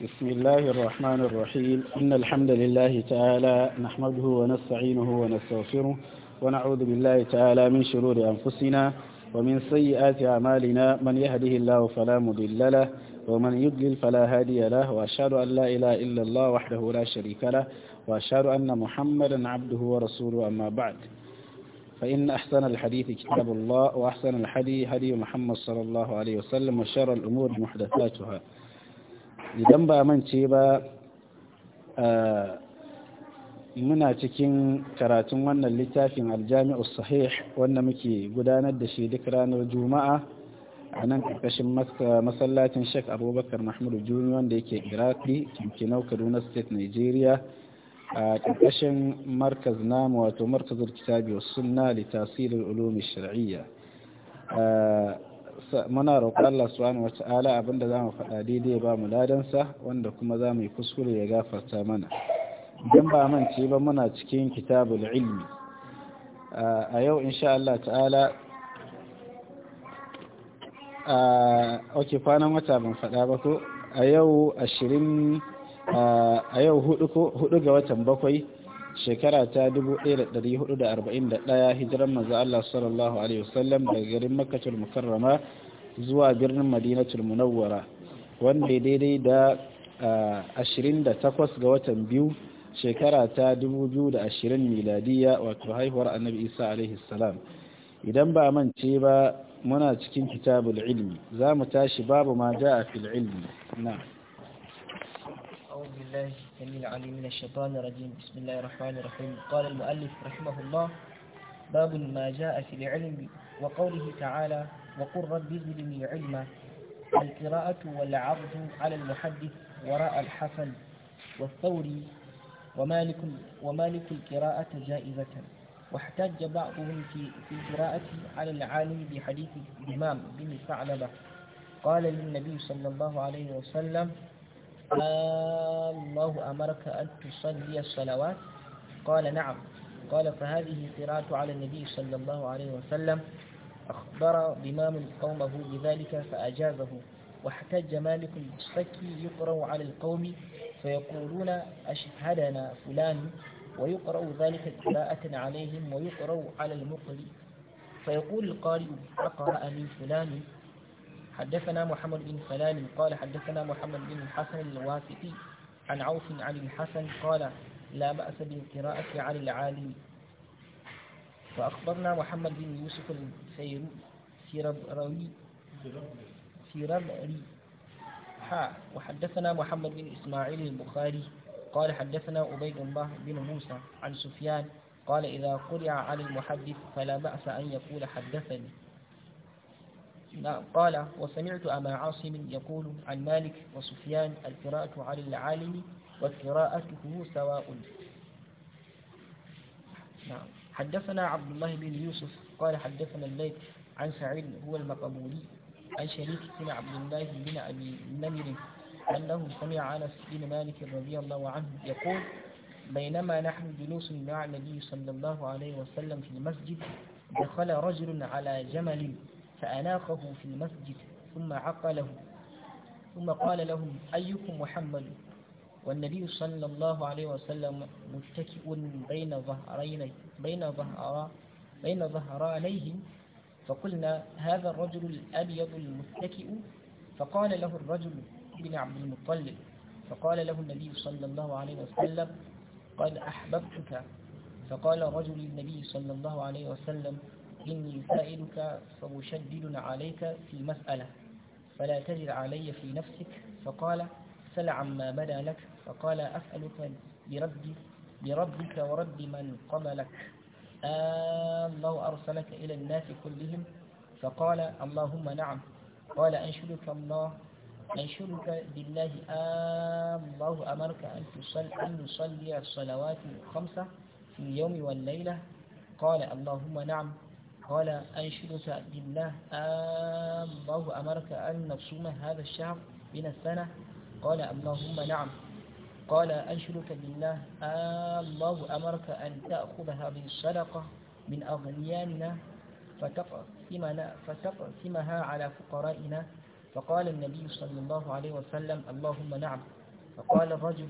بسم الله الرحمن الرحيم إن الحمد لله تعالى نحمده ونستعينه ونستغفره ونعوذ بالله تعالى من شرور أنفسنا ومن سيئات أعمالنا من يهده الله فلا مضل له ومن يضلل فلا هادي له وأشهد أن لا إله إلا الله وحده لا شريك له وأشهد أن محمدا عبده ورسوله أما بعد فإن أحسن الحديث كتاب الله وأحسن الحديث هدي محمد صلى الله عليه وسلم وشر الأمور محدثاتها idan ba mance ba muna cikin karatun wannan littafin aljami'ar sahih wanda muke gudanar da shi duk ranar juma'a a nan karkashin masallacin sheik abubakar mahmudu juni wanda yake iraki kinkinau kaduna state nigeria a karkashin markaz namu wato markazin kitabi wa sunna li tasirin ulumi shari'a muna roƙon Allah subhanahu wata'ala abinda zamu faɗa daidai ba mu ladansa wanda kuma zamu yi kuskure ya gafarta mana idan ba man ci ba muna cikin kitabul ilmi a yau insha Allah ta'ala a oke kwanan wata ban faɗa ba ko a yau ashirin a yau hudu ga watan bakwai shekara ta 1441 hijiran maza Allah sallallahu alaihi wasallam daga garin Makkatul Mukarrama zuwa birnin Madinatul Munawwara wanda daidai da 28 ga watan biyu shekara ta 2020 miladiya wato haihuwar Annabi Isa alaihi salam idan ba mance ba muna cikin kitabul ilmi za mu tashi babu ma ja'a fil ilmi na'am أعوذ بالله السميع العليم من الشيطان الرجيم بسم الله الرحمن الرحيم قال المؤلف رحمه الله باب ما جاء في العلم وقوله تعالى وقل رب زدني علما القراءة والعرض على المحدث وراء الحسن والثوري ومالك, ومالك القراءة جائزة واحتج بعضهم في, في القراءة على العالم بحديث الإمام بن ثعلبة قال للنبي صلى الله عليه وسلم الله أمرك أن تصلي الصلوات قال نعم قال فهذه قراءة على النبي صلى الله عليه وسلم أخبر بمام قومه بذلك فأجابه واحتج مالك الشكي يقرأ على القوم فيقولون أشهدنا فلان ويقرأ ذلك قراءة عليهم ويقرأ على المقرئ فيقول القارئ أقرأني فلان حدثنا محمد بن سلام قال حدثنا محمد بن الحسن الواسطي عن عوف عن الحسن قال لا بأس بالقراءة على العالم فأخبرنا محمد بن يوسف السيربروي سيربري حا وحدثنا محمد بن إسماعيل البخاري قال حدثنا عبيد الله بن موسى عن سفيان قال إذا قرع على المحدث فلا بأس أن يقول حدثني نعم. قال وسمعت أبا عاصم يقول عن مالك وسفيان القراءة على العالم وقراءته سواء نعم حدثنا عبد الله بن يوسف قال حدثنا الليل عن سعيد هو المقبولي عن شريك بن عبد الله بن أبي نمر أنه سمع على سيدنا مالك رضي الله عنه يقول بينما نحن جلوس مع النبي صلى الله عليه وسلم في المسجد دخل رجل على جمل فأناقه في المسجد ثم عقله ثم قال لهم أيكم محمد والنبي صلى الله عليه وسلم متكئ بين ظهرين بين ظهر بين ظهرانيه فقلنا هذا الرجل الأبيض المتكئ فقال له الرجل بن عبد المطلب فقال له النبي صلى الله عليه وسلم قد أحببتك فقال رجل النبي صلى الله عليه وسلم إني سائلك فمشدد عليك في مسألة فلا تجد علي في نفسك فقال سل عما بدا لك فقال أسألك بربي بربك ورب من قبلك آه، الله أرسلك إلى الناس كلهم فقال اللهم نعم قال أنشدك الله أنشدك بالله آه، الله أمرك أن تصلي أن نصلي الصلوات الخمسة في اليوم والليلة قال اللهم نعم قال أنشدك بالله آه، الله أمرك أن نصوم هذا الشهر من السنة قال اللهم نعم قال أنشدك بالله آه، الله أمرك أن تأخذ هذه الصدقة من أغنياننا فتقسمنا فتقسمها على فقرائنا فقال النبي صلى الله عليه وسلم اللهم نعم فقال الرجل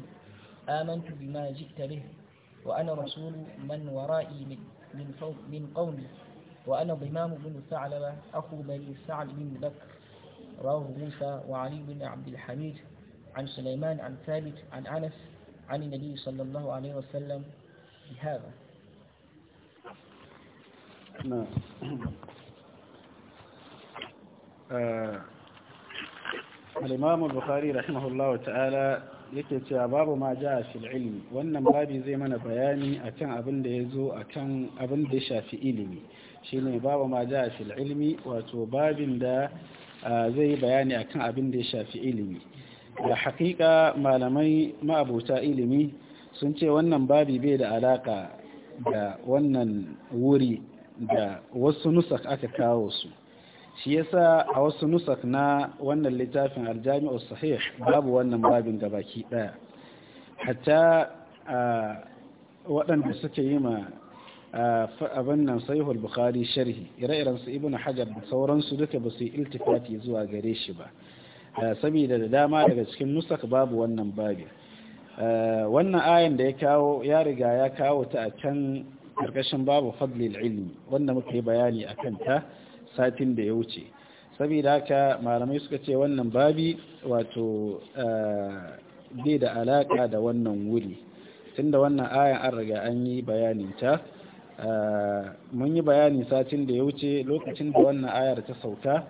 آمنت بما جئت به وأنا رسول من ورائي من, من قومي وأنا ضمام بن ثعلبة أخو بني سعد بن بكر رواه موسى وعلي بن عبد الحميد عن سليمان عن ثابت عن أنس عن النبي صلى الله عليه وسلم بهذا نعم آه، الإمام البخاري رحمه الله تعالى yake cewa ما جاء في العلم وأن wannan زي zai mana bayani akan abin da ya zo akan abin da shine babu ma ja fil ilmi wato babin da zai yi bayani akan abin da ya shafi ilimi da hakika malamai ma'abuta ilimi sun ce wannan babi bai da alaka da wannan wuri da wasu nusak aka kawo su shi yasa a wasu nusak na wannan littafin aljami'ar sahih babu wannan babin gabaki daya hatta waɗanda suke yi ma abin nan sahihul bukhari sharhi ire-iren su ibnu hajar da sauransu duka ba su yi iltifati zuwa gare shi ba saboda da dama daga cikin nusak babu wannan babi wannan ayan da ya kawo ya riga ya kawo ta a can karkashin babu fadlil ilmi wanda muka yi bayani a ta satin da ya wuce saboda haka malamai suka ce wannan babi wato bai da alaka da wannan wuri tunda wannan ayan an riga an yi bayanin ta Eh, mun yi bayani satin da ya wuce lokacin da wannan ayar ta sauka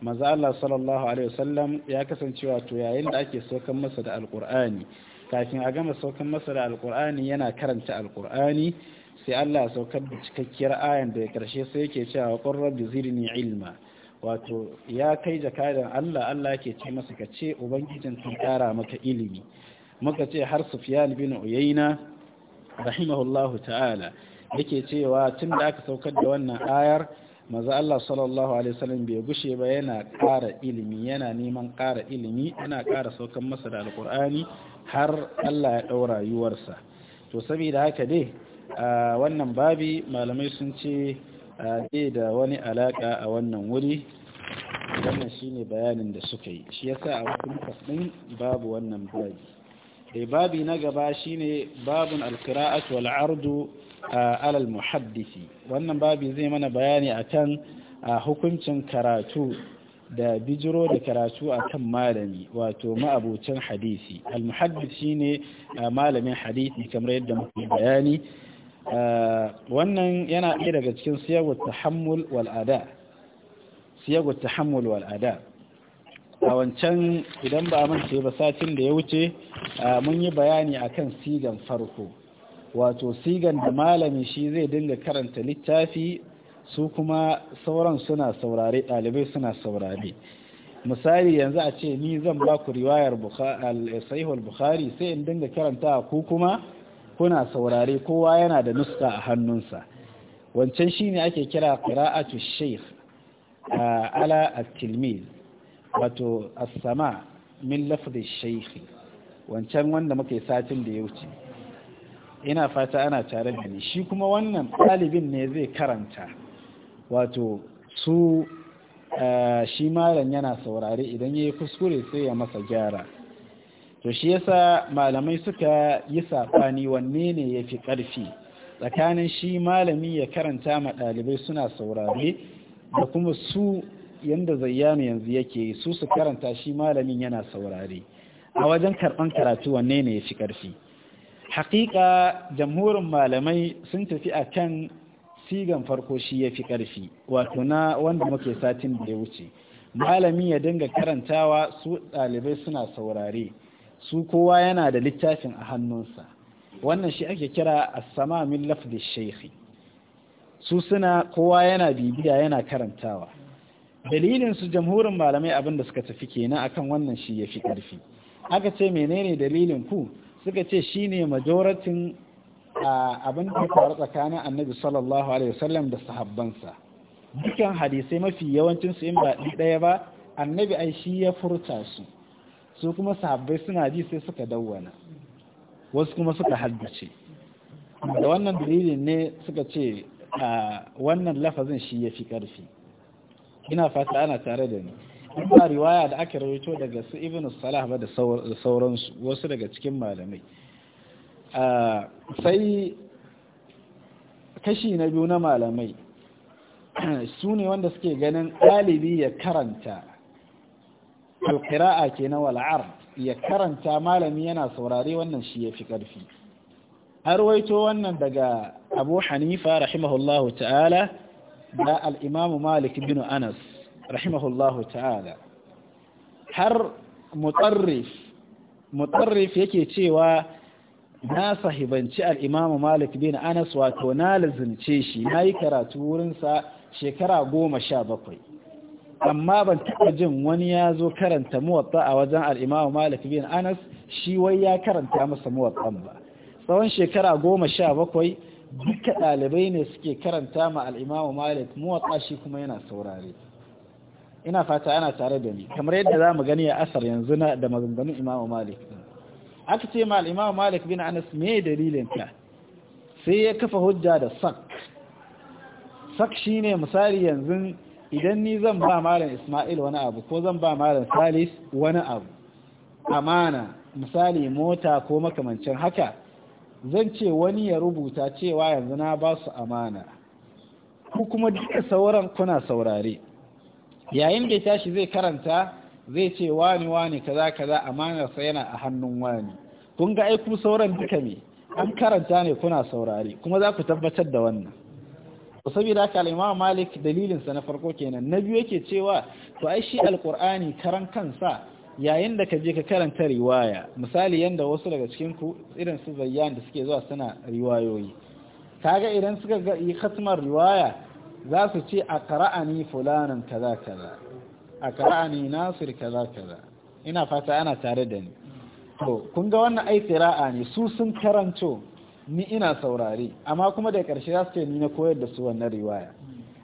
maza Allah sallallahu alaihi wasallam ya kasance wato yayin da ake saukan masa da alkur'ani kafin a gama saukan masa da alkur'ani yana karanta alkur'ani sai Allah saukar da cikakkiyar ayan da ya karshe sai yake cewa qur da zidni ilma wato ya kai jakadan Allah Allah ke ce masa ka ce ubangijin sun kara maka ilimi muka ce har Sufyan bin Uyayna rahimahullahu ta'ala yake cewa tun da aka saukar da wannan ayar maza Allah sallallahu alaihi wasallam bai gushe ba yana ƙara ilimi yana neman ƙara ilimi yana ƙara saukan masa da alƙur'ani har Allah ya ɗaura rayuwarsa to saboda haka dai wannan babi malamai sun ce zai da wani alaƙa a wannan wuri wannan shine bayanin da suka yi shi yasa a hukumar ɗin babu wannan babi babi na gaba shine babun alqira'atu wal ardu alal muhaddisi wannan babi zai mana bayani akan hukuncin karatu da bijiro da karatu akan malami wato ma'abucin hadisi al-muhaddis shine malamin hadisi kamar yadda muke bayani wannan yana ɗaya daga cikin siyagut tahammul wal'ada, ada tahammul wal a wancan idan ba a mance ba satin da ya wuce mun yi bayani akan sigan farko wato sigan da malami shi zai dinga karanta littafi su kuma sauran suna saurare ɗalibai suna saurare misali yanzu a ce ni zan ba ku riwayar sahihul bukhari sai in dinga karanta ku kuma kuna saurare kowa yana da nuska a hannunsa wancan shine ake kira qira'atu shaykh ala at wato as-sama min lafzi shaykh wancan wanda muke satin da ya wuce ina fata ana tare da ni shi kuma wannan ɗalibin ne zai karanta wato su eh, shi malam yana saurare idan ya yi kuskure sai ya masa gyara to shi yasa malamai suka yi safani wanne ne ya fi ƙarfi tsakanin shi malami ya karanta ma ɗalibai suna saurare da kuma su yadda zayyano yanzu yake su su karanta shi malamin yana saurare a wajen karɓan karatu wanne ne ya fi ƙarfi haƙiƙa jamhurin malamai sun tafi a kan sigan farko shi ya fi ƙarfi wato na wanda muke satin da ya wuce malami ya dinga karantawa su ɗalibai suna saurare su kowa yana da littafin a hannunsa wannan shi ake kira asama min lafdi shaikhi su suna kowa yana bibiya yana karantawa dalilin su jamhurin malamai abin da suka tafi kenan akan wannan shi ya fi ƙarfi aka ce menene dalilin ku suka ce shine majoratin abin da ya faru tsakanin annabi sallallahu alaihi wasallam da sahabbansa dukan hadisai mafi yawancin su in ba ɗaya ba annabi ai shi ya furta su su kuma sahabbai suna ji sai suka dawwana wasu kuma suka haddace da wannan dalilin ne suka ce wannan lafazin shi ya fi ƙarfi ina fata ana tare da ni ba riwaya da aka rawaito daga su ibn salah ba da sauransu wasu daga cikin malamai sai kashi na biyu na malamai su ne wanda suke ganin ɗalibi ya karanta alkira'a ke na wal'ar ya karanta malami yana saurari wannan shi ya fi ƙarfi har waito wannan daga abu hanifa rahimahullahu ta'ala da al'imamu malik bin anas rahimahullahu ta'ala har mutarrif mutarrif yake cewa na sahibanci al'imamu malik bin anas wato na lazimce shi na yi karatu wurinsa shekara goma sha bakwai amma ban taɓa jin wani ya zo karanta muwatta a wajen al'imamu malik bin anas shi wai ya karanta masa muwattan ba tsawon shekara goma sha bakwai duka ɗalibai ne suke karanta ma al'imamu malik muwatta shi kuma yana saurare ina fata ana tare da ni kamar yadda za mu gani a asar yanzu na da maganganun imamu malik aka ce ma al'imamu malik bin anas me dalilin ka sai ya kafa hujja da sak sak shi ne, misali yanzu idan ni zan ba malam ismail wani abu ko zan ba malam salis wani abu amana misali mota ko makamancin haka zan ce wani ya rubuta cewa yanzu na ba su amana ku kuma duka sauran kuna saurare yayin da tashi zai karanta zai ce wani wani kaza kaza amanarsa yana a hannun wani kun ga aiku sauran duka ne an karanta ne kuna saurare kuma za ku tabbatar da wannan saboda haka al Malik dalilin sa na farko kenan na biyu yake cewa to ai shi al-Qur'ani karan kansa yayin da ka je ka karanta riwaya misali yanda wasu daga cikin ku irin su Zayyan da suke zuwa suna riwayoyi kaga idan suka ga khatmar riwaya za su ce a kara'ani fulanin kaza kaza a kara'ani nasir kaza kaza ina fata ana tare da ni to kun ga wannan aiki ra'a ne su sun karanto ni ina saurari amma kuma da ƙarshe za su ce ni na koyar da su wannan riwaya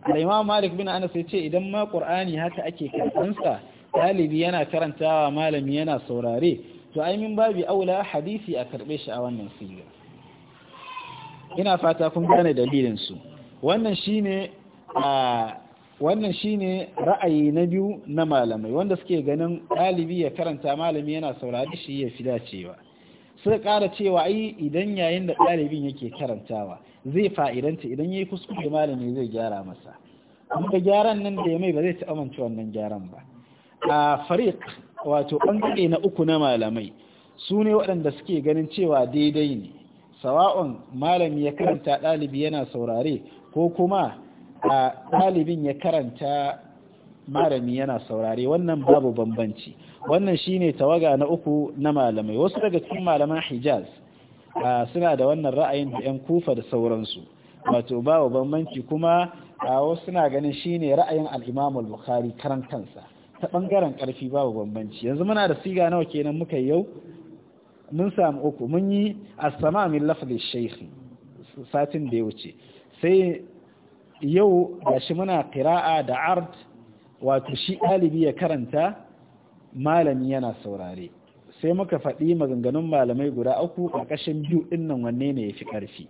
al malik bin anas ya ce idan ma qur'ani haka ake karfinsa ɗalibi yana karantawa malami yana saurare to ai min babi aula hadisi a karbe shi a wannan siga ina fata kun gane dalilin su wannan shine wannan shine ra'ayi na biyu na malamai wanda suke ganin ɗalibi ya karanta malami yana saurari shi ya fi dacewa suka ƙara cewa ai idan yayin da ɗalibin yake karantawa zai fa'idanta idan ya yi kuskure malami zai gyara masa amma gyaran nan da ya mai ba zai taɓa amince wannan gyaran ba a fariq wato ɓangare na uku na malamai su ne waɗanda suke ganin cewa daidai ne sawa'un malami ya karanta ɗalibi yana saurare ko kuma a ɗalibin ya karanta malami yana saurare wannan babu bambanci wannan shine tawaga na uku na malamai wasu daga cikin malaman hijaz suna da wannan ra'ayin da 'yan kufa da sauransu wato babu bambanci kuma wasu suna ganin shine ra'ayin al'imamul bukhari karan kansa ta bangaren karfi babu bambanci yanzu muna da siga nawa kenan muka yau mun samu uku mun yi as-sama min lafzi shaykh satin da ya wuce sai yau shi muna kira'a da art wato shi ɗalibi ya karanta malami yana saurare sai muka faɗi maganganun malamai guda uku ƙashin biyu ɗinnan nan wanne ne ya fi ƙarfi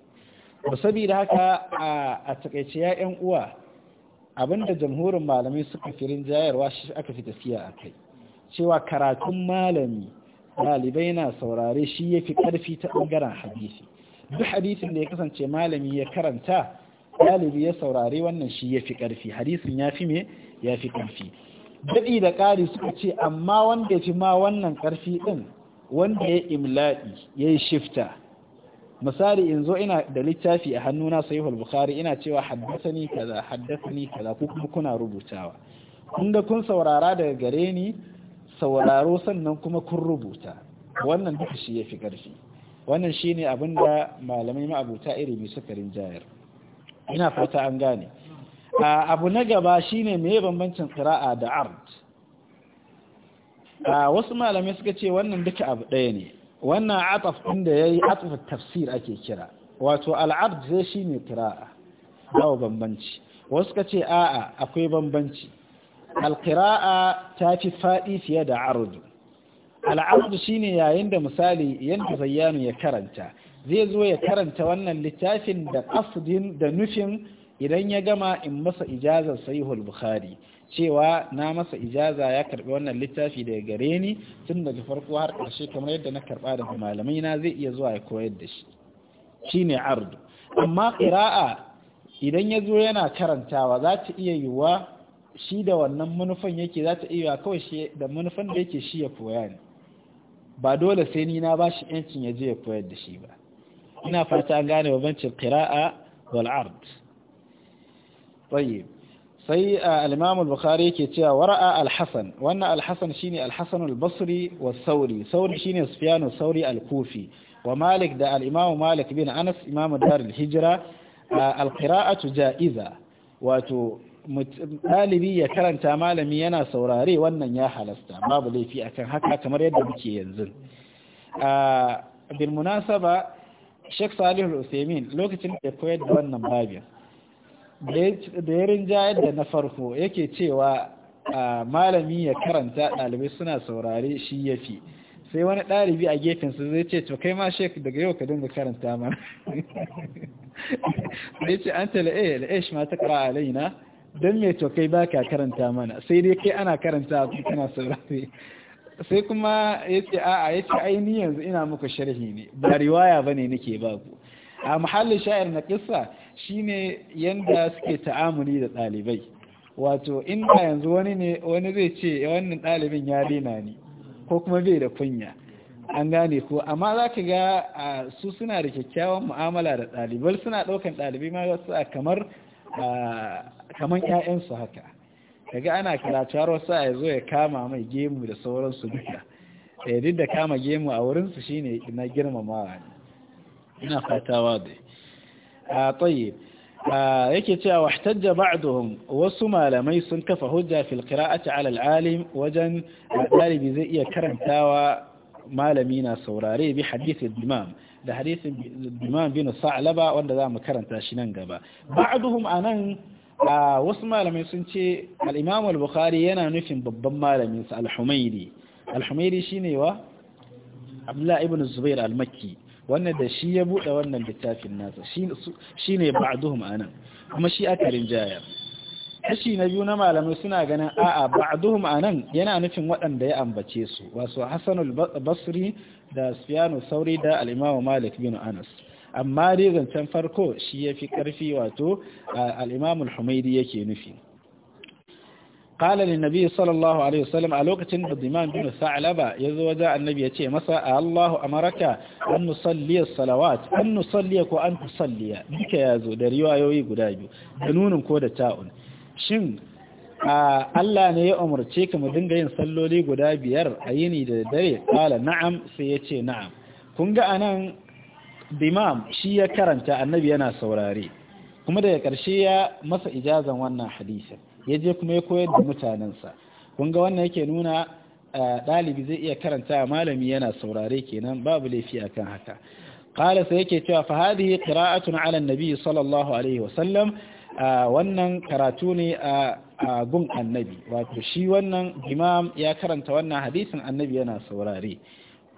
ba saboda haka a takaice ya ‘yan uwa abinda jamhurin malamai suka fi rinjayarwa shi aka fi tafiya a kai cewa karatun malami ɗalibai na saurare shi ya fi ƙarfi ta ɓangaren hadisi duk hadisin da ya kasance malami ya karanta ɗalibi ya saurari wannan shi ya fi ƙarfi hadisin ya fi me ya fi ƙarfi daɗi da ƙari suka ce amma wanda ya fi ma wannan ƙarfi ɗin wanda ya imlaɗi ya yi shifta misali in zo ina da littafi a hannuna sahihul bukhari ina cewa haddasani kaza haddasani kaza ku kuma kuna rubutawa kun ga kun saurara daga gare ni sauraro sannan kuma kun rubuta wannan duka shi ya fi ƙarfi wannan shine abin da malamai ma'abuta mai sukarin jayar. ina fata an gane abu na gaba shine mai bambancin qira'a da ard wasu malamai suka ce wannan duka abu ɗaya ne wannan ataf inda da yayi ataf tafsir ake kira wato al'ard zai shine qira'a babu bambanci wasu suka ce a'a akwai bambanci Alkira'a ta fi faɗi fiye da ardu al'ardu shine yayin da misali yanda zayyanu ya karanta zai zo ya karanta wannan littafin da afdin da nufin idan ya gama in masa ijazar sahihul bukhari cewa na masa ijaza ya karbi wannan littafi daga gare ni tun daga farko har ƙarshe kamar yadda na karba daga malamai na zai iya zuwa ya koyar da shi shine ardu amma qira'a idan ya zo yana karantawa za ta iya yiwuwa shi da wannan manufan yake za ta iya kawai shi da manufan da yake shi ya koya ne ba dole sai ni na bashi yancin ya je ya koyar da shi ba ina fata an gane babancin qira'a wal ard tayyib sai al-imam al-bukhari yake cewa wara'a al-hasan wannan al-hasan shine al-hasan al-basri wa sauri sauri shine sufyan sauri al-kufi wa malik da al-imam malik bin anas imam dar al-hijra al-qira'atu ja'iza wato ɗalibi ya karanta malami yana saurare wannan ya halasta babu laifi akan haka kamar yadda muke yanzu bin munasaba Sheikh salihu Usaimin lokacin da ya koyar da wannan babi da ya rinjayar da na farko yake cewa malami ya karanta ɗalibai suna saurare shi ya fi sai wani ɗalibi a gefensu zai ce to kai ma shek daga yau ka dinga karanta mana sai ce an tala eh, eh shi ma ta kara alaina don me to kai ba ka karanta mana sai dai kai ana karanta a kana saurare sai kuma ya ce a'a ya ce ni yanzu ina muku sharhi ne ba riwaya ba ne nake ba ku a muhallin sha'ir na kissa shine yanda suke ta'amuli da ɗalibai wato inda yanzu wani ne wani zai ce eh, wannan ɗalibin ya dina ni ko kuma bai da kunya an gane ko amma za ka ga su suna da kyakkyawan mu'amala da ɗalibai suna ɗaukan ɗalibai ma wasu kamar kamar 'ya'yansu haka kaga ana kalacar wasu a zo ya kama mai gemu da sauransu duka eh, da da kama gemu a wurinsu shine na girmamawa ne ina fatawa da a ah, tsaye ah, yake cewa wahtajja ba'duhum wasu malamai sun kafa hujja fil qira'ati 'ala al wajen dalibi zai iya karantawa malami na saurare bi hadithin imam da hadisin imam bin sa'laba wanda za mu karanta shi nan gaba ba'duhum anan a wasu malamai sun ce alimam al-bukhari yana nufin babban malamin sa al-humairi al-humairi ne wa Abdullahi ibn zubair al-makki wannan da shi ya buɗe wannan littafin nasa shi shine ba'duhum ma'anan, kuma shi aka rinjayar kashi na biyu na malamai suna ganin a'a a nan yana nufin waɗanda ya ambace su wasu Hassanul basri da sufyanu sauri da al malik bin anas amma zancen farko shi ya fi ƙarfi wato al’imamun humaidi yake nufi ƙala ne nabi sallallahu alaihi wasallam a lokacin da imam bin sa'alaba ya zo waje annabi ya ce masa a allahu a maraka an musalliya salawat an musalliya ko an salliya. duka ya zo da riwayoyi guda biyu da nunin ko da ta'un shin allah ne ya umarce ka mu dinga yin salloli guda biyar a yini da dare ƙala na'am sai ya ce na'am kun ga anan bimam shi ya karanta annabi yana saurare kuma daga karshe ya masa ijazan wannan hadisin ya je kuma ya koyar da mutanensa kun ga wannan yake nuna ɗalibi zai iya karanta malami yana saurare kenan babu laifi akan haka qala sai yake cewa fa hadihi qira'atun 'ala an-nabi sallallahu alaihi wa sallam wannan karatu ne a gun annabi wato shi wannan imam ya karanta wannan hadisin annabi yana saurare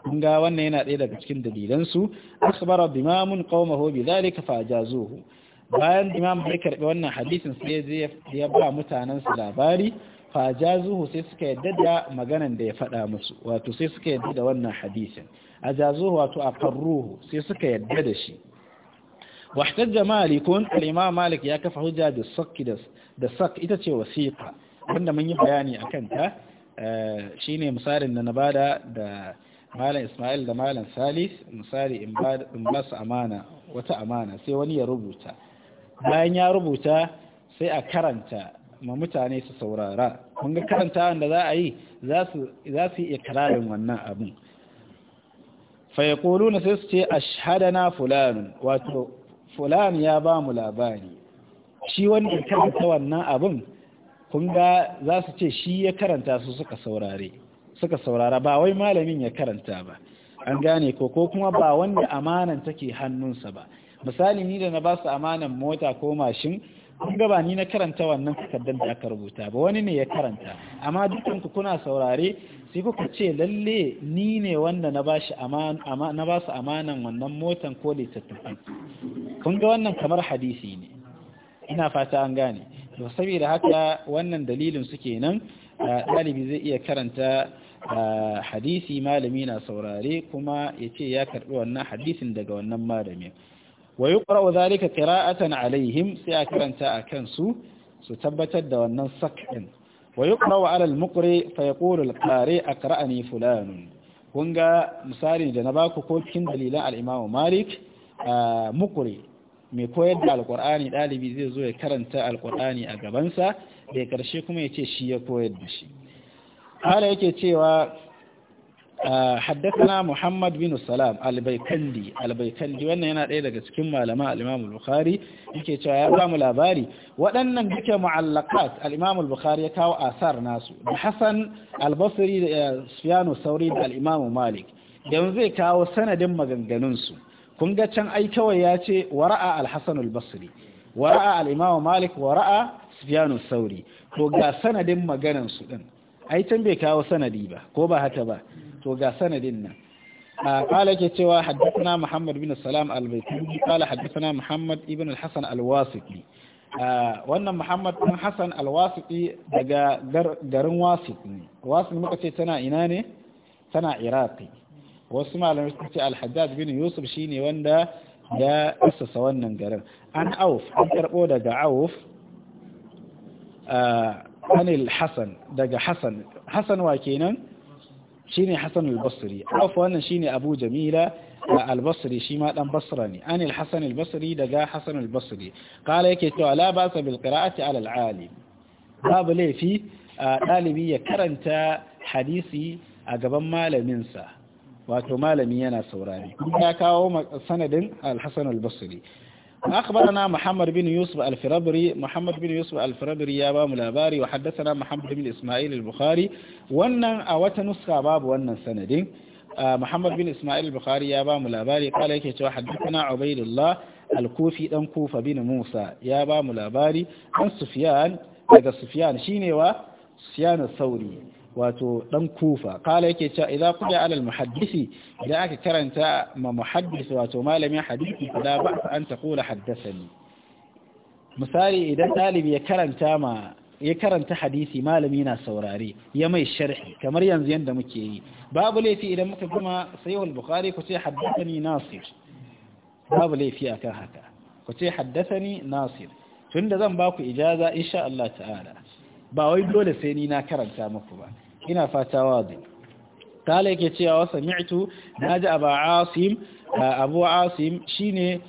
kun ga wannan yana ɗaya daga cikin dalilansu akbara bimamun qaumahu bidhalika fajazuhu bayan imam bai karbi wannan hadisin sai ya ba mutanen su labari fajazuhu sai suka yadda da maganan da ya faɗa musu wato sai suka yadda da wannan hadisin ajazuhu wato aqarruhu sai suka yadda da shi Malik ya واحتج مالك sak مالك يا كف Wanda الصك الصك bayani akan ta eh, shine misalin da na bada da. malam ismail da malam salis misali in ba su amana wata amana sai wani ya rubuta bayan ya rubuta sai a karanta ma mutane su saurara Mun ga karanta wanda za a yi za su iya kararin wannan abin fayakolu na sai su ce ashadana fulanun wato fulan ya ba mu labari shi wanda karanta wannan abin kun ga za su ce shi ya karanta su suka saurare suka saurara ba wai malamin ya karanta ba an gane ko ko kuma ba wanda amanan take hannunsa ba misali ni da na ba su amanan mota ko mashin kun gaba ni na karanta wannan takardar da aka rubuta ba wani ne ya karanta amma dukanku kuna saurare sai kuka ce lalle ni ne wanda na ba shi na ba su amanan wannan motan ko littattafan kun ga wannan kamar hadisi ne ina fata an gane to saboda haka wannan dalilin suke nan ɗalibi zai iya karanta hadisi malami na saurare kuma ya ce ya karɓi wannan hadisin daga wannan malami wa yi ƙwararwa zalika kira'atan alaihim sai a karanta a kansu su tabbatar da wannan sak'in wa yi ƙwararwa alal mukure fa ya ƙare a ƙara'ani fulanun kun ga misali da na baku ko cikin dalilan al'imamu malik mukure mai koyar da alƙur'ani ɗalibi zai zo ya karanta alƙur'ani a gabansa da ya ƙarshe kuma ya ce shi ya koyar da shi قال cewa حدثنا muhammad bin salam البيكندي البيكندي wannan yana ɗaya daga cikin malama al bukari yake cewa ya bamu labari waɗannan duke mu'allaqat al bukari ya kawo asar nasu da Hassan al-Basri da Sufyan al-Thawri da al Malik yanzu zai kawo sanadin maganganunsu kun ga can ai kawai ya ce wara'a al-Hasan wara'a al Malik wara'a Sufyan al ko ga sanadin maganan su din ai can bai kawo sanadi ba ko ba haka ba to ga sanadin nan ah, ke قال Bin Salam al بن السلام البيتي قال حدثنا محمد ابن al الواسطي wannan Muhammad ɗan Hassan alwasiƙi daga garin Wasiq ne Wasiq muka ce tana ina ne tana Iraqi wasu malamai suka ce Al-Haddad bin Yusuf shine wanda ya assasa wannan garin an Auf an karɓo daga Auf ah, anil hasan daga hasan hasan wa kenan shine hasan al-basri afu wannan ne abu jamila da albasri shi ma dan basra ne anil hasan al-basri daga hasan al-basri kala yake cewa la basa bil qira'ati ala alim babu laifi dalibi ya karanta hadisi a gaban malaminsa wato malami yana saurari ya kawo sanadin al-hasan basri أخبرنا محمد بن يوسف الفربري محمد بن يوسف الفربري يا بام الأباري وحدثنا محمد بن إسماعيل البخاري وانا أوت نسخة باب وانا سندين محمد بن إسماعيل البخاري يا بام الأباري قال يكي حدثنا عبيد الله الكوفي دان كوفة بن موسى يا بام الأباري عن سفيان daga Sufyan shine wa Sufyan Sauri wato dan kufa kala yake cewa idan qida alal al muhaddisi idan aka karanta ma muhaddis wato malamin hadisi da ba an ta kula haddathani misali idan dalibi ya karanta ma ya karanta hadisi malami na saurare ya mai sharhi kamar yanzu yadda muke yi babu laifi idan muka gama sai al bukhari ku ce haddathani nasir babu laifi akan haka ku ce haddathani nasir tunda zan ba ku ijaza insha Allah ta'ala ba wai dole sai ni na karanta muku ba ina fata wadi kala yake cewa wasa sami'tu naji abu asim abu asim shine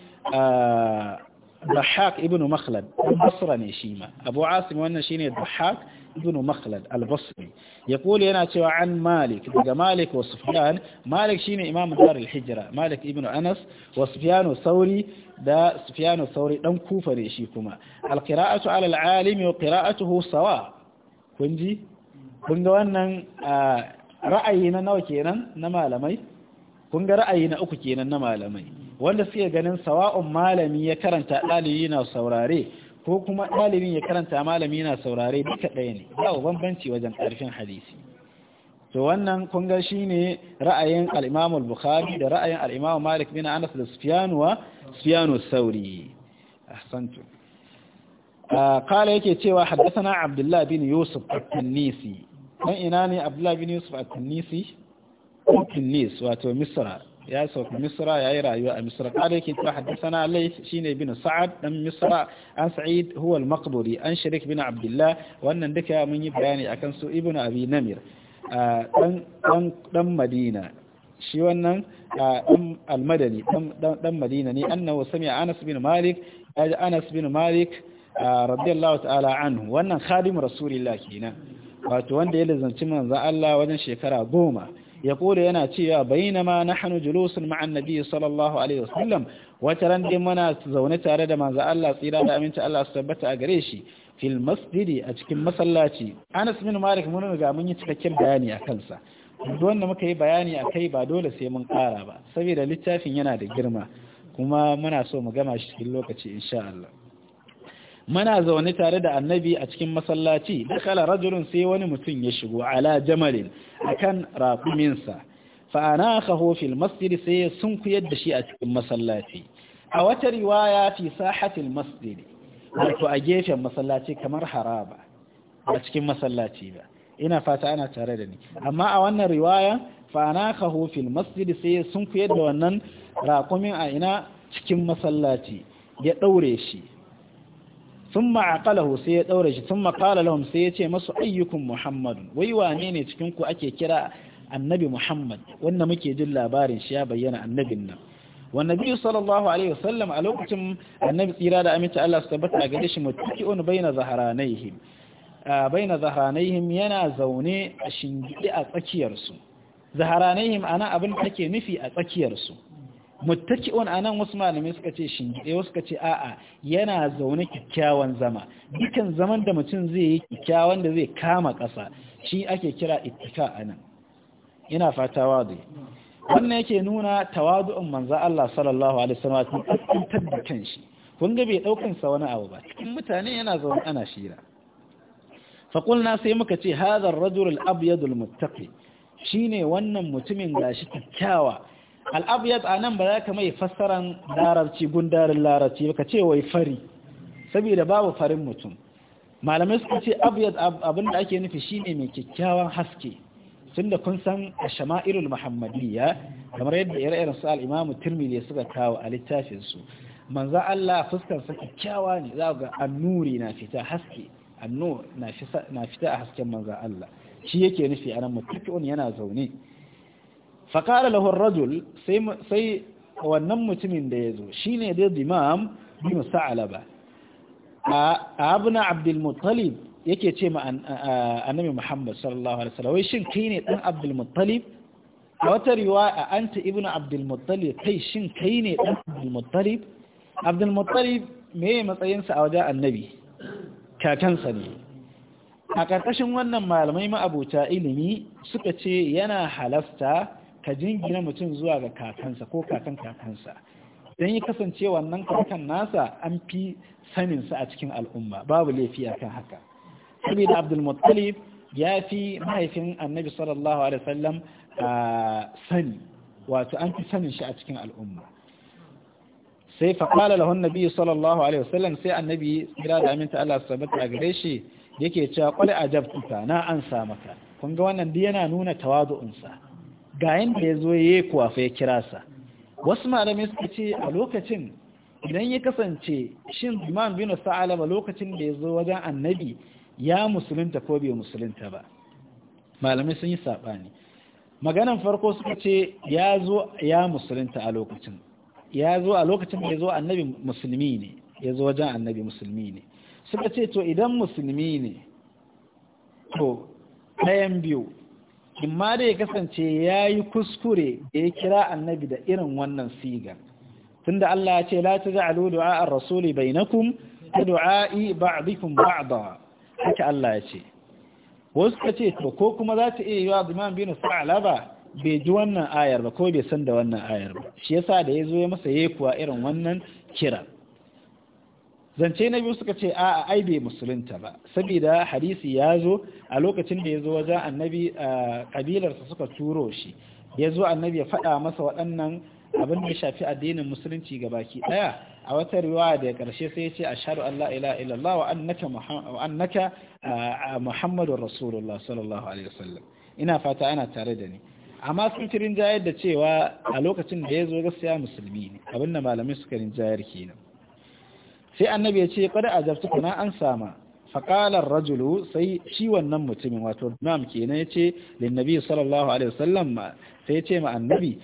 Dhahak ibn Makhlad Basra ne shi Abu Asim wannan shine Dhahak ibn makhlad al-basri yaqulu yana cewa an malik daga malik wa sufyan malik shine imam dar al-hijra malik ibn anas wa sufyan sauri da sufyan sauri dan kufa ne shi kuma al-qira'atu ala al-alim wa qira'atuhu sawa kun kun ga wannan ra'ayi na nawa kenan na malamai kun ga ra'ayi na uku kenan na malamai wanda suke ganin sawa'un malami ya karanta ɗalibi na saurare ko kuma ɗalibin ya karanta malami yana saurare duka ɗaya ne ba bambanci wajen ƙarfin hadisi to wannan kun ga shine ra'ayin al-Imam bukhari da ra'ayin al-Imam Malik bin Anas da Sufyan wa Sufyan Sa'uri. ahsantu yake cewa haddathana Abdullah bin Yusuf at-Tunisi dan ina ne Abdullah bin Yusuf at-Tunisi at-Tunis wato Misra ya sauka misra ya yi rayuwa a misra ƙada yake cewa haddasana alai shi ne bin sa'ad ɗan misra an sa'id huwa al-maqduri an shirik bin abdullah wannan duka mun yi bayani akan su ibnu abi namir ɗan madina shi wannan ɗan almadani ɗan madina ne annahu sami'a anas bin malik ya anas bin malik radiyallahu ta'ala anhu wannan khadim rasulillah kenan wato wanda ya lazanci manzon Allah wajen shekara goma يقول na تيا بينما نحن جلوس مع النبي صلى الله عليه وسلم ran دي منا zaune tare da manzo Allah tsira da aminci Allah su tabbata a gare shi fil masjidi a cikin masallaci Anas bin Malik mun riga mun yi cikakken bayani a kansa duk wanda muka yi bayani a kai ba dole sai mun kara ba saboda littafin yana da girma kuma muna so mu gama shi cikin lokaci insha Allah muna zaune tare da annabi a cikin masallaci dakala rajulun sai wani mutum ya shigo ala jamalin kan rakuminsa fa anakahu fil masjid sai ya sunkuyar da shi a cikin masallaci a wata riwaya fi sahatil masjid wato a gefen masallaci kamar haraba a cikin masallaci ba ina fata ana tare da ni amma a wannan riwaya fa anakahu fil masjid sai ya sunkuyar da wannan rakumin a ina cikin masallaci ya ɗaure shi sun ma'aƙalahu sai ya ɗaure shi sun maƙala lahum sai ya ce masu ayyukun muhammadu wai wane ne cikinku ake kira annabi muhammad wanda muke jin labarin shi ya bayyana annabin nan wannan biyu sallallahu alaihi wasallam a lokacin annabi tsira da aminta Allah su tabbata a gare shi mutuki'un baina zaharanayhim baina yana zaune a shingide a tsakiyarsu zaharanayhim ana abin da take nufi a tsakiyarsu muttaki'un anan wasu malamai suka ce shingiɗe wasu suka ce a'a yana zaune kyakkyawan zama dukan zaman da mutum zai yi kyakkyawan da zai kama ƙasa shi ake kira ittika anan ina fata wadu wannan yake nuna tawadu'un manzo Allah sallallahu alaihi wasallam tun kaskantar kun ga bai daukan sa wani abu ba cikin mutane yana zaune ana shira fa qulna sai muka ce hadha ar-rajul al-abyad al-muttaqi shine wannan mutumin gashi kyakkyawa al'abiyat a nan ba za ka mai fassaran larabci gundarin larabci ba ka ce wai fari saboda babu farin mutum malamai suka ce abiyat abin da ake nufi shine mai kyakkyawan haske tun da kun san a shama'irul muhammadiyya kamar yadda ire-iren su al'imamu ne suka kawo a littafinsu manza Allah fuskarsa kyakkyawa ne za ga annuri na fita haske annur na fita a hasken manza Allah shi yake nufi a nan mutum yana zaune fakara lahun rajul sai wannan mutumin da ya zo shi ne dai dimam bin sa'alaba a abuna abdulmuttalib yake ce ma annabi muhammad sallallahu alaihi wasallam shin kai ne dan abdulmuttalib a wata riwaya anta ibnu abdulmuttalib kai shin kai ne dan abdulmuttalib abdulmuttalib me matsayinsa a wajen annabi kakansa ne a ƙarƙashin wannan malamai ma'abuta ilimi suka ce yana halasta ka jingina mutum zuwa ga kakansa ko kakan kakansa don yi kasance wannan kakan nasa an fi saninsa a cikin al'umma babu laifi a kan haka saboda abdulmuttalib ya fi mahaifin annabi sallallahu alaihi wasallam a sani wato an fi sanin shi a cikin al'umma sai faƙala lahun nabi sallallahu alaihi wasallam sai annabi kira da aminta Allah su a gare shi yake cewa kwale a jabtuta na an sa maka kun ga wannan duk yana nuna tawadu'unsa ga yadda ya zo ya yi fa ya kira sa wasu malamai suka ce a lokacin idan ya kasance shin Imam bin Sa'alaba lokacin da ya zo wajen annabi ya musulunta ko bai musulunta ba malamai sun yi saɓani maganan farko suka ce ya zo ya musulunta a lokacin ya zo a lokacin da ya zo annabi musulmi ne ya zo wajen annabi musulmi ne suka ce to idan musulmi ne to ɗayan biyu imma da ya kasance ya yi kuskure da ya kira annabi da irin wannan sigar tunda Allah ya ce la taj'alu du'a a rasuli bainakum ka du'a'i ba'dikum ba'da haka Allah ya ce wasu ka ce to ko kuma za ta iya yi wa Imam bin Sa'ala ba bai ji wannan ayar ba ko bai san da wannan ayar ba shi yasa da ya zo ya masa yekuwa irin wannan kira zance na biyu suka ce a ai bai musulunta ba saboda hadisi ya zo a lokacin da ya zo wajen annabi kabilarsa suka turo shi ya zo annabi ya faɗa masa waɗannan abin da ya shafi addinin musulunci ga baki ɗaya a wata riwaya da ya ƙarshe sai ya ce a shaɗu Allah ila ilallah wa annaka Muhammadu Rasulullah sallallahu alaihi wasallam ina fata ana tare da ni amma sun ci rinjayar da cewa a lokacin da ya zo gaskiya musulmi ne abin da malamai suka rinjayar kenan sai annabi ya ce kada azabtuka na an sama faƙalar rajulu sai shi wannan mutumin wato nam kenan ya ce linnabi sallallahu alaihi wasallam sai ya ce ma annabi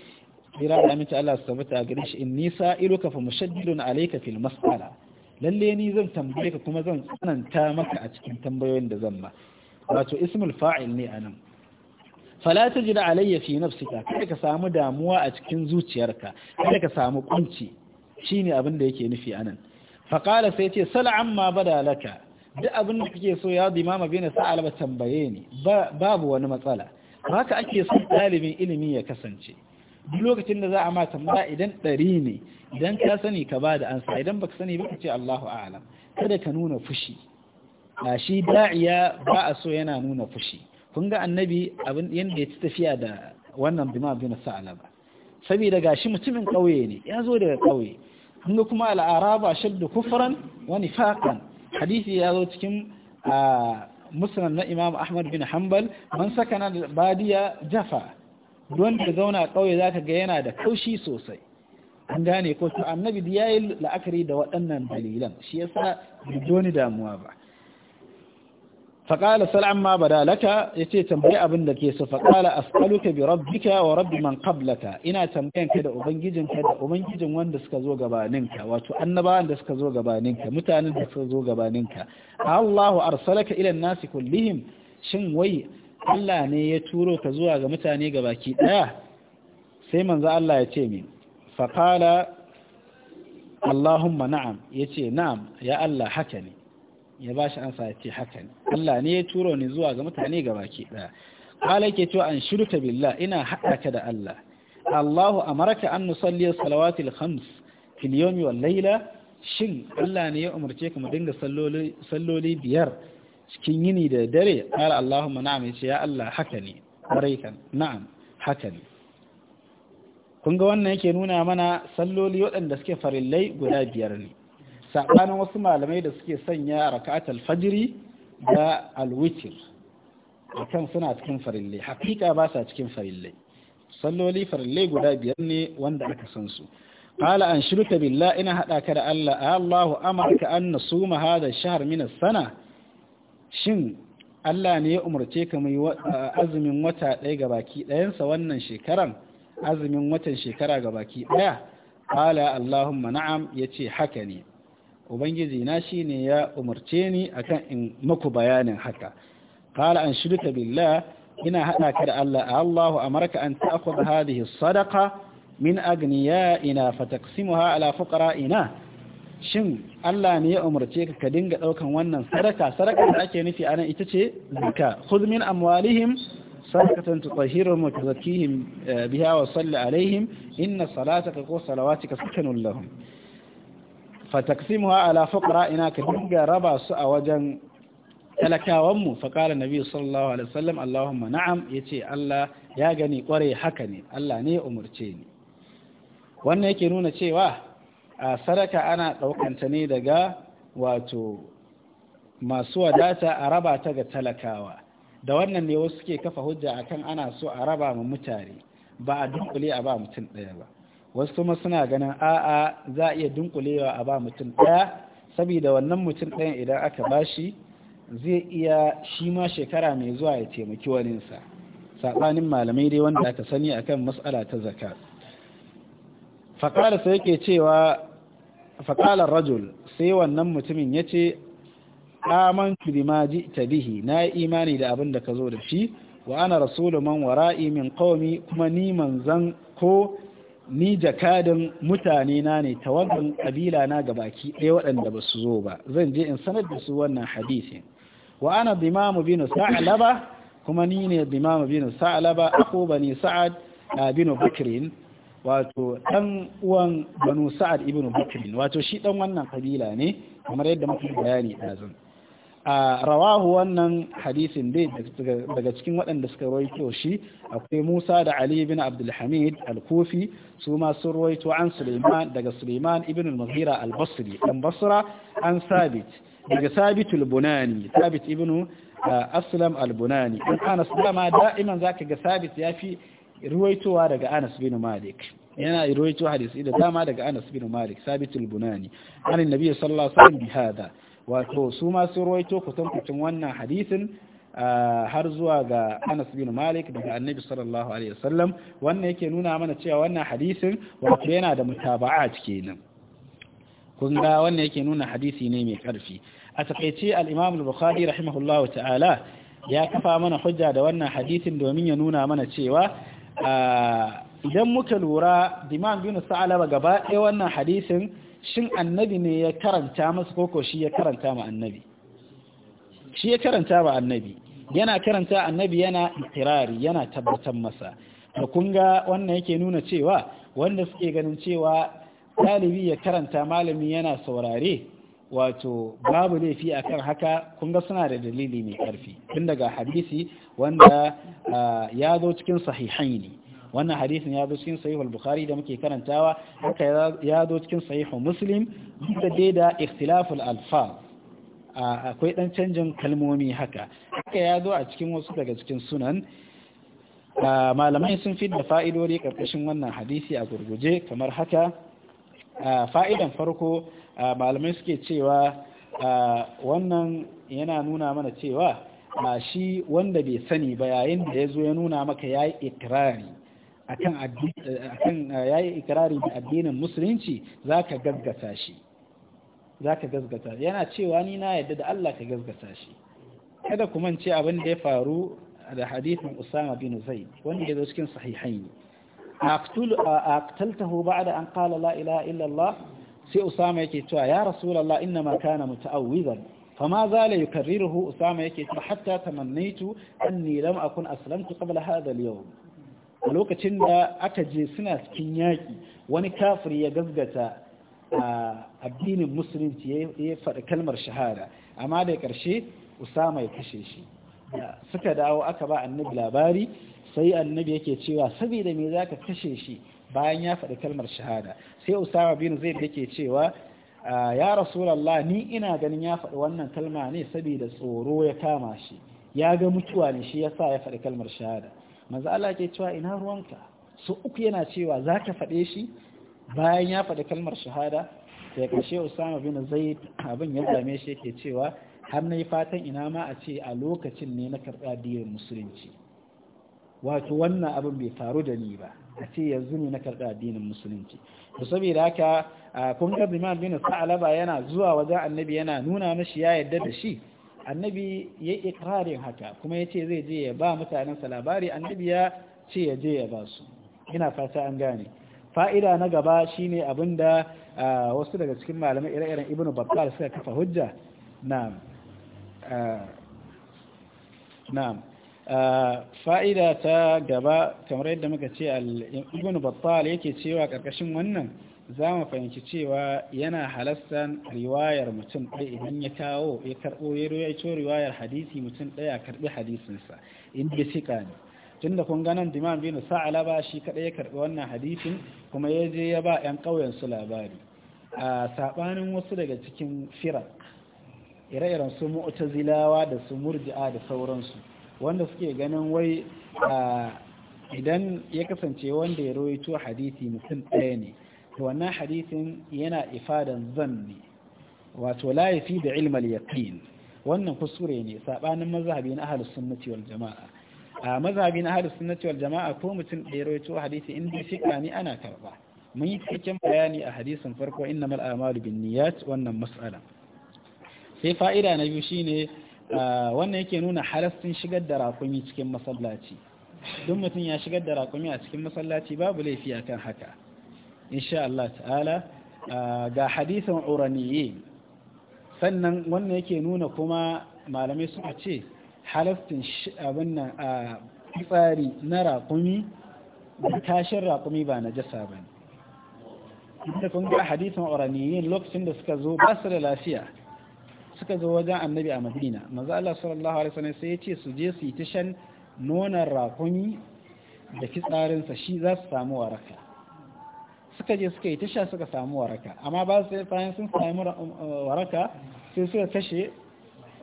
kira da aminci Allah su tabbata a gare shi in nisa iluka fa mushaddidun alayka fil mas'ala lalle ni zan tambaye ka kuma zan tsananta maka a cikin tambayoyin da zan ba? wato ismul fa'il ne anan fala tajid alayya fi nafsika kada ka samu damuwa a cikin zuciyarka kada ka samu kunci shine abin da yake nufi anan faƙala sai ce sala amma bada laka duk abin da kake so ya dimama bina sa'alaba tambaye ni babu wani matsala haka ake son ɗalibin ilimi ya kasance duk lokacin da za a ma idan ɗari ne idan ka sani ka ba da ansa idan baka sani ba ka ce Allahu a'lam kada ka nuna fushi a shi da'iya ba a so yana nuna fushi kun ga annabi abin yadda ya ci tafiya da wannan bima bin sa'alaba saboda gashi mutumin ƙauye ne ya zo daga ƙauye kun kuma al'araba shadda kufran wani faƙan hadisi ya zo cikin musulman na Imam Ahmad bin Hanbal man da badiya jafa don da zauna kawai zaka ga yana da kaushi sosai an gane ko to annabi da yi la'akari da waɗannan dalilan shi yasa da doni damuwa ba faƙala sal'an ma ba dalaka ya ce tambayi abin da ke su faƙala as'aluka bi rabbika wa rabbi man qablaka ina tambayan ka da ubangijinka da ubangijin wanda suka zo gabaninka wato annabawan da suka zo gabaninka mutanen da suka zo gabaninka Allahu arsalaka ila nasi kullihim shin wai Allah ne ya turo ka zuwa ga mutane baki ɗaya sai manzo Allah ya ce min faƙala Allahumma na'am yace na'am ya Allah haka ne ya ba shi ansa ya ce haka ne Allah ne ya turo ni zuwa ga mutane ga baki ɗaya kwalai ke cewa an shirka billah ina haɗa ka da Allah Allahu amarka an nusalli salawatul khams fil yawmi wal layla shin Allah ne ya umarce ka mu dinga salloli biyar cikin yini da dare qala Allahumma na'am ce ya Allah haka ne baraikan na'am haka ne kun ga wannan yake nuna mana salloli waɗanda suke farillai guda biyar ne saɓanin wasu malamai da suke sanya raka'at alfajiri da alwitir kan suna cikin farillai hakika ba sa cikin farillai salloli farillai guda biyar ne wanda aka san su an قال أن ina بالله إن هذا Allah. الله الله an nasuma hada shahr min as-sana Shin Allah ne ya umarce ka mai azumin wata ɗaya ga baki ɗayansa wannan shekaran azumin watan shekara ga baki ɗaya qala allahumma na'am yace haka ne ubangiji na shine ya umarce ni akan in maku bayanin haka qala an shirka billah ina haɗa ka da Allah Allahu amarka an ta'khudha hadihi sadaka. min ina fataqsimuha ala fuqara'ina shin Allah ne ya umarce ka ka dinga ɗaukar wannan sadaka sadaka da ake nufi anan ita ce zakka khudh min amwalihim صدقة تطهيرهم وتزكيهم بها وصل عليهم إن صلاتك وصلواتك سكن لهم فتقسمها ka فقراءنا raba su a wajen talakawanmu faƙara nabi sallallahu alaihi wasallam Allahumma na'am yace Allah ya gani kware haka ne Allah ne umarce ni wannan yake nuna cewa a sadaka ana ɗaukanta ne daga wato masu wadata a raba ta ga talakawa da wannan ne wasu ke kafa hujja akan ana so a raba ma mutane ba a dunkule a ba mutum ɗaya ba wasu kuma suna ganin a'a za a iya dunkulewa a ba mutum ɗaya saboda wannan mutum ɗayan idan aka ba shi zai iya shi ma shekara mai zuwa ya taimaki waninsa saɓanin malamai dai wanda aka sani akan matsala ta zaka faƙalarsa yake cewa faƙalar rajul sai wannan mutumin ya ce ma ji ta bihi na imani da abin da ka zo da shi wa ana rasulu man wara'i min qaumi kuma ni manzan ko ni jakadin mutane na ne tawagan kabila na ga baki ɗaya waɗanda ba su zo ba zan je in sanar da su wannan hadisin wa ana dimamu binu sa'alaba kuma ni ne dimamu binu sa'alaba ako bani sa'ad binu bukrin wato ɗan uwan banu sa'ad ibnu bukrin wato shi ɗan wannan kabila ne kamar yadda muka bayani ɗazun a rawahu wannan hadisin dai daga cikin waɗanda suka rawaito shi akwai Musa da Ali bin Abdul Hamid al-Kufi su ma sun rawaito an Suleiman daga Suleiman ibn al-Mughira al-Basri dan Basra an Sabit daga Sabit al-Bunani Sabit ibn Aslam al-Bunani in Anas ma da'iman zaka ga Sabit yafi ruwaitowa daga Anas bin Malik yana ruwaito hadisi da dama daga Anas bin Malik Sabit al-Bunani an annabi sallallahu alaihi wasallam bi hada wato su ma sun ruwaito kutankucin wannan hadisin har zuwa ga Anas bin Malik daga Annabi sallallahu alaihi wasallam wannan yake nuna mana cewa wannan hadisin wato yana da mutaba'a ne kun ga wannan yake nuna hadisi ne mai karfi a takeice al-Imam al-Bukhari rahimahullahu ta'ala ya kafa mana hujja da wannan hadisin domin ya nuna mana cewa idan muka lura Diman bin Sa'alaba gaba ɗaya wannan hadisin shin annabi ne ya karanta masa koko shi ya karanta ma annabi shi ya karanta ba annabi yana karanta annabi yana ikirari yana tabbatar masa da kun ga wannan yake nuna cewa wanda suke ganin cewa ɗalibi ya karanta malami yana saurare wato babu laifi akan haka kun ga suna da dalili mai karfi tun daga hadisi wanda ah, ya zo cikin ne. wannan hadisin ya zo cikin sahih al-bukhari da muke karantawa haka ya zo cikin sahih muslim da dai da ikhtilaf al-alfaz akwai dan canjin kalmomi haka haka ya zo a cikin wasu daga cikin sunan malamai sun fi da fa'idori karkashin wannan hadisi a gurguje kamar haka fa'idan farko malamai suke cewa wannan yana nuna mana cewa shi wanda bai sani ba yayin da ya zo ya nuna maka ya yi ikirari akan eh, yayi ikirari da addinin musulunci zaka gazgata shi zaka gazgata yana cewa ni na yadda da Allah ka gazgata shi kada ku mance abin da ya faru da hadithin Usama bin Zaid wanda ya zo cikin sahihain aqtul aqtaltahu ba'da an qala la ilaha illa Allah sai Usama yake cewa ya Rasulullah inna ma kana muta'awwidan فما زال يكرره أسامة يكي حتى تمنيت أني لم أكن أسلمت قبل هذا yau. lokacin da aka je suna cikin yaƙi wani kafiri ya gazgata a addinin musulunci ya faɗi kalmar shahada amma da ƙarshe usama ya kashe shi suka dawo aka ba annabi labari sai annabi yake cewa saboda me zaka kashe shi bayan ya faɗi kalmar shahada sai usama bin zaid yake cewa ya rasulullah ni ina ganin ya faɗi wannan kalma ne saboda tsoro ya kama shi ya ga mutuwa ne shi yasa ya faɗi kalmar shahada manzo Allah ke cewa ina ruwanka su uku yana cewa zaka faɗe shi bayan ya faɗi kalmar shahada sai kashe Usama bin Zaid abin ya zame shi yake cewa har nayi fatan ina ma a ce a lokacin ne na karɓa diyar musulunci wato wannan abin bai faru da ni ba a ce yanzu ne na karɓa addinin musulunci to saboda haka kun ga bin Sa'alaba yana zuwa wajen Annabi yana nuna mashi ya yarda da shi annabi ya yi ikrarin haka kuma ya ce zai je ya ba mutanensa labari annabi ya ce ya je ya ba su ina fata an gane fa'ida na gaba shine abinda wasu daga cikin malamai ire-iren ibnu babbal suka kafa hujja na'am na'am fa'ida ta gaba kamar yadda muka ce ibnu babbal yake cewa ƙarƙashin wannan za mu fahimci cewa yana halastan riwayar mutum ɗaya idan ya kawo ya karɓo ya riwayar hadisi mutum ɗaya karɓi hadisinsa in da ne tun da kun ganin diman binu sa'ala ba shi kaɗai ya karɓi wannan hadisin kuma ya je ya ba 'yan ƙauyen labari a saɓanin wasu daga cikin fira ire-iren su mu'tazilawa da su murji'a da sauransu wanda suke ganin wai idan ya kasance wanda ya rawaito hadisi mutum ɗaya ne wannan hadisin yana ifadan zanni wato laifi da ilmal yaqin wannan kuskure ne sabanin mazhabi na ahlus sunnati wal jamaa a mazhabi na ahlus sunnati wal jamaa ko mutum da rawaito hadisi in dai shika ne ana karba mun yi cikakken bayani a hadisin farko innamal a'malu binniyat wannan mas'ala sai fa'ida na biyu shine wannan yake nuna halastin shigar da rakumi cikin masallaci duk mutum ya shigar da rakumi a cikin masallaci babu laifi akan haka insha Allah ta'ala ga hadisan uraniye sannan wannan yake nuna kuma malamai suna ce halaftin abin nan a tsari na raƙumi tashin raƙumi ba na jasa ba ne inda kun ga hadisan uraniye lokacin da suka zo ba su da lafiya suka zo wajen annabi a madina maza Allah sallallahu alaihi wasallam sai ya ce su je su yi tashan nonan raƙumi da fitsarinsa shi za su samu waraka suka je suka yi tasha suka samu waraka amma ba su bayan sun samu um, um, waraka sai suka kashe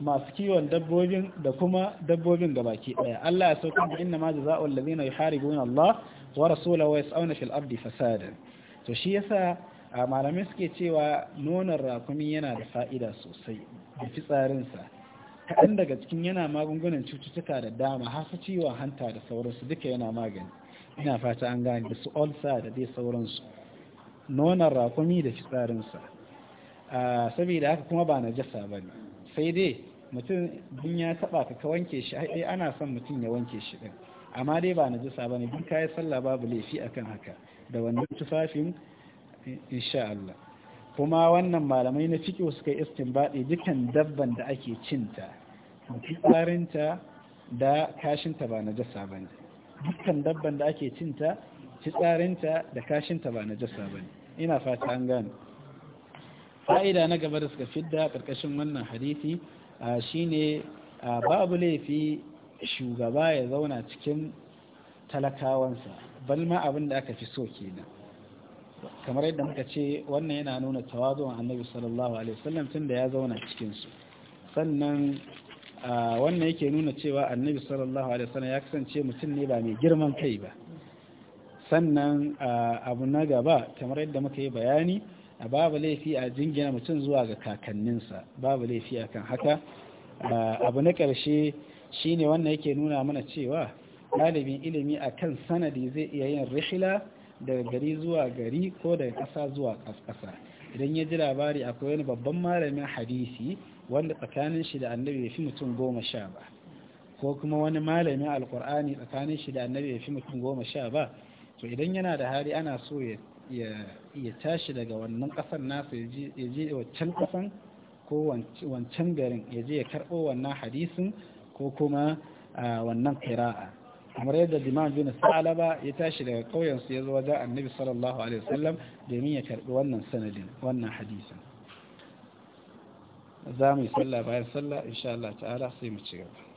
masu kiwon dabbobin da kuma dabbobin gabaki daya Allah ya sauka da inna ma jazaa'ul ladina yuharibuna Allah wa rasulahu wa yas'una fil ardi fasada to shi yasa malamai suke cewa nonon rakumi yana da fa'ida sosai da fitsarinsa kaɗan daga cikin yana magungunan cututtuka da dama har su ciwon hanta da sauransu duka yana magani ina fata an gane da su olsa da dai sauransu nonon rakumi da fitsarinsa saboda haka kuma ba najasa ba ne sai dai mutum dun ya taba ka ka wanke shi ai ana son mutum ya wanke shi din amma dai ba najasa ba ne duk kayan sallah babu laifi akan haka da wannan tufafin insha Allah kuma wannan malamai na fiƙo suka yi istinbaɗi dukkan dabban da ake cinta fitsarinta da kashinta ba najasa ba ne dukkan dabban da ake cinta fitsarinta da kashinta ba na jasa ba ina fata an gane fa'ida na gaba da suka fidda karkashin wannan hadithi ne babu laifi shugaba ya zauna cikin talakawansa balma abin da aka fi so ke kenan kamar yadda muka ce wannan yana nuna tawazon annabi sallallahu alaihi wasallam da ya zauna cikinsu, sannan wannan yake nuna cewa annabi sallallahu alaihi wasallam ya kasance mutum ne ba mai girman kai ba sannan eh, abu na gaba kamar yadda muka yi bayani a babu laifi a jingina mutum zuwa ga kakanninsa babu laifi a kan haka eh, abu na ƙarshe shi ne wannan yake nuna mana cewa ɗalibin ilimi a kan sanadi zai iya yin rihila daga gari zuwa gari ko daga ƙasa zuwa ƙasa idan ya ji labari akwai wani babban malamin hadisi wanda tsakanin shi da annabi ya fi mutum goma sha ba ko kuma wani malamin alkur'ani tsakanin shi da annabi ya fi mutum goma sha ba to idan yana da hali ana so ya tashi daga wannan ƙasar nasa ya je wancan ƙasan ko wancan garin ya je ya karbo wannan hadisin ko kuma wannan kira'a kamar yadda diman bin sa'alaba ya tashi daga ƙauyensu ya zo wajen annabi sallallahu alaihi wasallam domin ya karbi wannan sanadin wannan hadisin za mu yi sallah bayan sallah insha Allah ta'ala sai mu ci gaba